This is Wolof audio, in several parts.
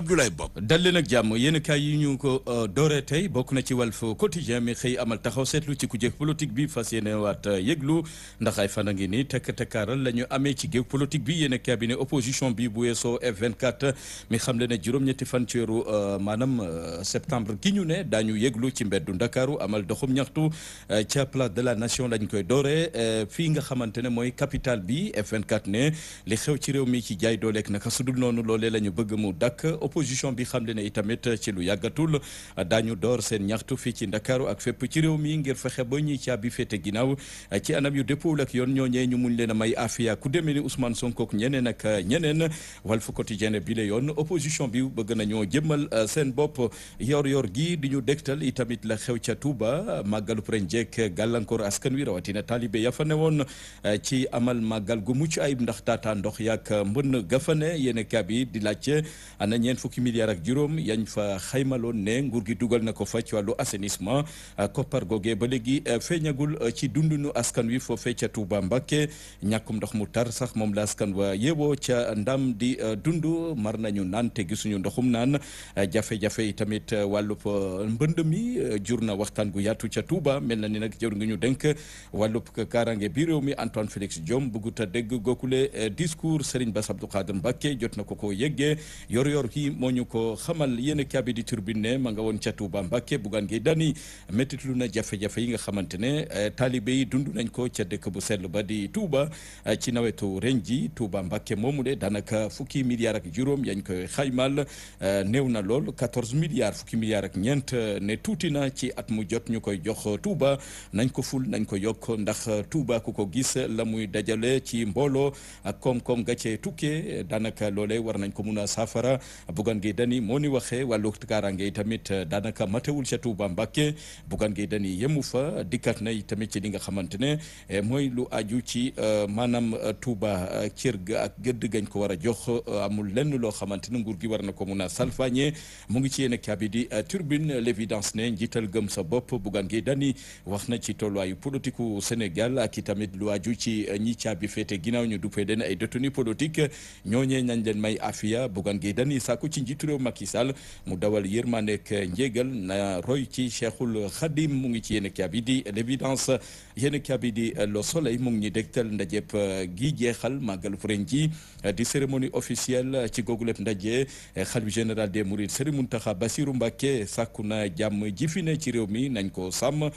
Abdoulaye Bob dal leen ak jàmm yéen kaay yi ñu ko euh, dooree tey bokk na ci Walf Quotidien mi xëy amal taxaw seetlu ci ku jéeg politique bi fas yéene waat euh, yëglu ndax ay fan a ngi nii tekk tekkaaral la ñu amee ci géeg politique bi yéen kaay bi ne opposition bi bu weesoo F24 mi xam le ne juróom-ñetti fan ci weeru euh, maanaam septembre gi ñu ne daañu yëglu ci mbeddu Ndakaaru amal doxum ñaxtu ca place de la nation lañ koy dooree fi nga xamante ne mooy capital bi F24 ne li xew ci réew mi ci jaay dooleeg naka sudul noonu loolee la ñu bëgg mu opposition bi xam le ne itamit ci lu yàggatul daañu door seen ñaxtu fii ci ndakaaru ak fépp ci réew mi ngir fexe ba ñuy bi féete ginnaaw ci anam yu dëppoowul ak yoon ñoo ñooñee ñu muñ leen a may afiya ku demee ni Ousmane Sonko ak ñeneen ak ñeneen Walf Quotidien bi la yoon opposition bi bëgg nañoo jëmmal euh, seen bopp yor-yor gi di ñu dégtal itamit la xew ca Touba màggalu ren jekk gàllankoor askan wi rawatina taalibe ya fa newoon euh, ci amal màggal gu mucc ayib ndax taataa ndox yaak mbënn gafane y ñeent fukki milliards ak juróom yañ fa xaymaloon ne nguur gi dugal na ko fa wàllu assainissement koppar goge ba léegi euh, feeñagul euh, ci dundunu askan wi foofee ca Touba Mbacké ñàkkum ndox mu tar sax moom la askan wa yeewoo ca ndam di euh, dund mar nañu naan te gisuñu ndoxum naan jafe-jafe yi tamit wàllub mbënd mi jur na waxtaan gu yaatu ca Touba mel na ni nag jëru ngi ñu dénk wàllub kaaraange bi réew mi Antoine Félix Diome bëggut a dégg gokkule discours Serigne Bass Abdou Khadre Mbacké jot na ko koo yeggee yor-yor ki kii moo ñu ko xamal yéen a kaabi di turbine ne ma nga woon ca Touba Mbacké Bougane Gueye Dany méttitlu na jafe-jafe yi nga xamante ne euh, taalibe yi dund nañ ko ca dëkk bu sell ba di Touba euh, ci nawetu ren ji Touba Mbacké moomu de daanaka fukki milliards ak juróom yañ koy xaymal euh, néew na lool 14 milliards fukki milliards ak ñeent ne tuuti na ci at mu jot ñu koy jox Touba nañ ko ful nañ ko yokk ndax Touba ku ko gis la muy dajale ci mbooloo ak koom-koom gàccee tukkee daanaka loolee war nañ ko mun a saafara Bougane Gueye Dany moo ni waxee wàllu kaaraange yi tamit eh, daanaka matewul ca Touba Mbacké Bougane Gueye Dany yemu fa dikkat na tamit ci li nga xamante ne eh, mooy lu aju ci eh, maanaam Touba cër ga ak gëdd gañ ko war a jox amul lenn loo xamante ne nguur gi war na ko mun a salfaañe mu ngi ci yéen a kaabi di turbine l'évidence ne njiital gëm sa bopp bugan Gueye Dany wax na ci tolluwaayu politiku Sénégal ak i tamit lu aju ci ñi caabi féete ginnaaw ñu duppee leen ay détenu politique ñooñee sàkku ci njiitu réew Macky Sall mu dawal yërmandeek njégal na roy ci Cheikhul Khadim mu ngi ci yéen a di l'évidence yenn a bi di le soleil mu ngi ñu dégtal ndajëb euh, gi jeexal màggal ren ji euh, di cérémonie officielle ci googu ndaje euh, xalif général des Mourides Serigne Mountakha Bassirou Mbacké sàkku na jàmm ji fi ne ci réew mi nañ ko sàmm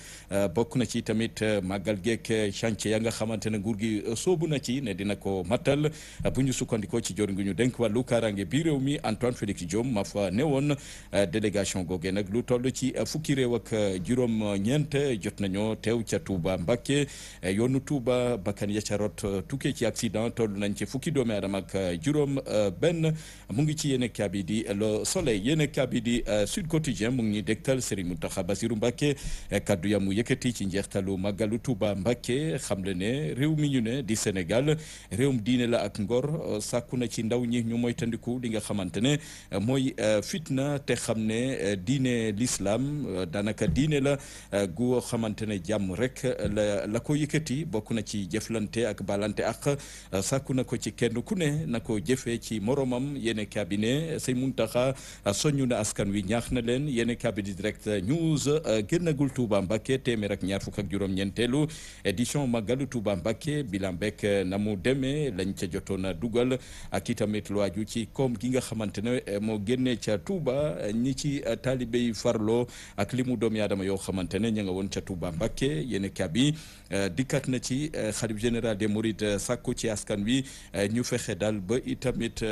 bokk na ci tamit màggal geek chantier ya nga xamante ne nguur gi soobu na ci ne dina ko matal bu ñu sukkandikoo ci jor ngi ñu dénk wàllu bi Antoine Félix Diome ma fa newoon euh, délégation googe nag lu toll ci euh, fukki réew ak euh, juróom-ñeent jot nañoo teew ca Touba Mbacké yonu tuuba bakkan ya ca rot tukkee ci accident toll nañ ci fukki doomi aadama ak juróom benn mu ngi ci yéen kabi di Le Soleil yéen kabi di Sud Quotidien mu ngi ñuy dégtal Serigne Mountakha Bassirou Mbacké kaddu yamu mu yëkkati ci njeextalu màggalu Touba Mbacké xam le ne réew mi ñu ne di Sénégal réewum diine la ak ngor sàkku na ci ndaw ñi ñu moytandiku li nga xamante ne Euh, mooy euh, fitna te xam ne euh, diine l'islam daanaka diine la gu xamante ne jàmm rek la la ko yëkkati bokk na ci jëflante ak balante ak sàkku na ko ci kenn ku ne na ko jëfee ci moromam yéen cabinet say muntaxa soñu na askan wi ñaax na leen yéen cabinet direct news génnagul Touba Mbacké téeméer ak ñaar fukk ak juróom-ñeenteelu édition Magalu Touba Mbacké bila bekk na mu demee lañ ca jotoon a dugal ak itamit lu aju ci koom gi nga xamante Eh, moo génnee ca Touba eh, ñi ci eh, taalibe yi farloo ak limu doom yaadama yoo xamante ne ña nga woon ca Touba Mbacké yéen kabi dikkat na ci xalif général des Mourides sàkku ci askan wi ñu fexe daal ba itamit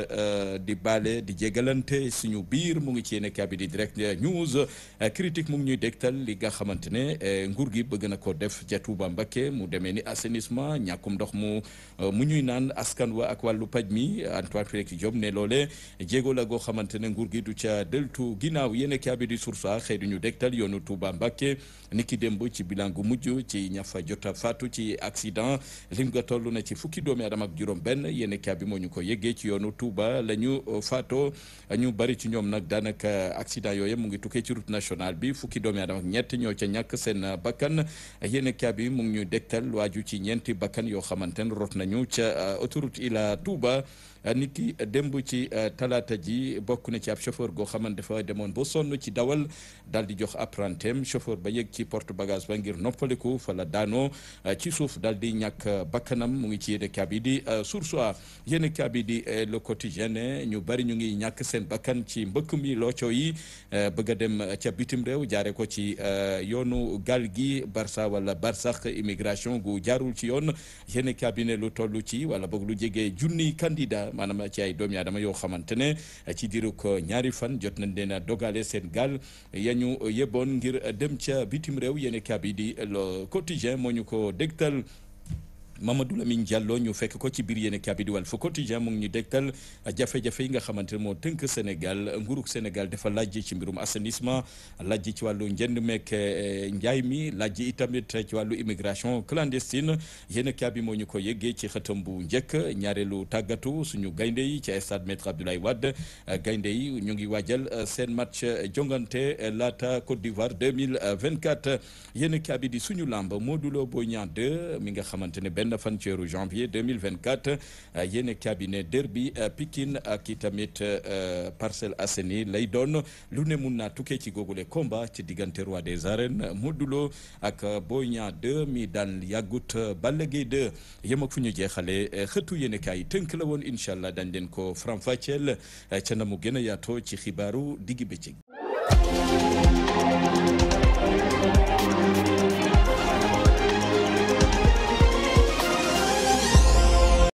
di baale di jégalante suñu biir mu ngi ci yéen kabi di direct news critique mu ngi ñuy dégtal li nga xamante ne nguur gi bëgg na ko def ca Touba Mbacké mu demee ni assenissement ñàkkum ndox mu mu ñuy naan askan wa ak wàllu paj mi Antoine Félix Diome ne loole jéego goo xamante ne nguur gi du ca deltu ginnaaw yéen a bi di source a xëy duñu dégtal yoonu Touba Mbacké niki démb ci bilan gu mujj ci ñafa jota faatu ci accident lim nga toll na ci fukki doomi adama ak juróom benn yéen a bi moo ñu ko yeggee ci yoonu Touba la ñu euh, ñu bari ci ñoom nag daanaka accident yooyu mu ngi tukkee ci route nationale bi fukki doomi adama ak ñett ca ñàkk seen bakkan yéen a bi mu ngi ñu dégtal waaju ci ñeenti bakkan yoo xamante ne rot nañu ca euh, autoroute ila Touba niki démb ci euh, talaata ji gi bokk na ci ab chauffeur goo xamante dafa demoon ba sonn ci dawal daal di jox apprentem chauffeur ba yëg ci porte bagage ba ngir noppaliku fa la daanoo euh, ci suuf daal di ñàkk euh, bakkanam mu ngi ci yéen kaab yi di euh, Source A yéen kaab yi di Le Quotidien ñu bari ñu ngi ñàkk seen bakkan ci mbëkk mi looco yi bëgg a dem ca bitim réew jaare ko ci yoonu gaal gi Barça wala Barsax immigration gu jaarul ci yoon yéen kaab yi ne lu toll ci wala boog lu jege junni candidat maanaam ci ay doomi aadama yoo xamante ci diirug ñaari fan jot nañ leen a dogale seen gaal yañu yeboon ngir dem ca bitim réew yéen a kaabi di le quotidien moo ñu ko dégtal Mamadou Lamine Diallo ñu fekk ko ci biir yéen kabi di Walf Quotidien mu ngi ñu dégtal jafe-jafe yi nga xamante ne moo tënk Sénégal nguurug Sénégal dafa laaj ci mbirum assainissement laaj ci wàllu njënd meek eh, njaay mi laaj itamit ci wàllu immigration clandestine yéen kabi moo ñu ko yëggee ci xëtam bu njëkk ñaareelu tàggatu suñu gaynde yi ci stade Maître Abdoulaye Wade eh, gaynde yi ñu ngi waajal eh, seen match jongante laata Côte d'Ivoire 2024 yéen kabi di suñu lamb Modou Lo Boy mi nga xamante ne benn benn fan ceeru janvier 2024 euh, yéen cabinet derbi euh, Pikine ak euh, itamit parcelle Assainies lay doon lu ne mun naa tukkee ci googule combat ci diggante roi des arènes Modou Lo ak Boy Niang 2 mi daan yàggut Balla Gaye 2 yem ak fu ñu jeexalee xëtu yéen kaay tënk la woon incha allah dañ leen ko faram-fàcceel ca na mu gën a yaatoo ci xibaaru digg ci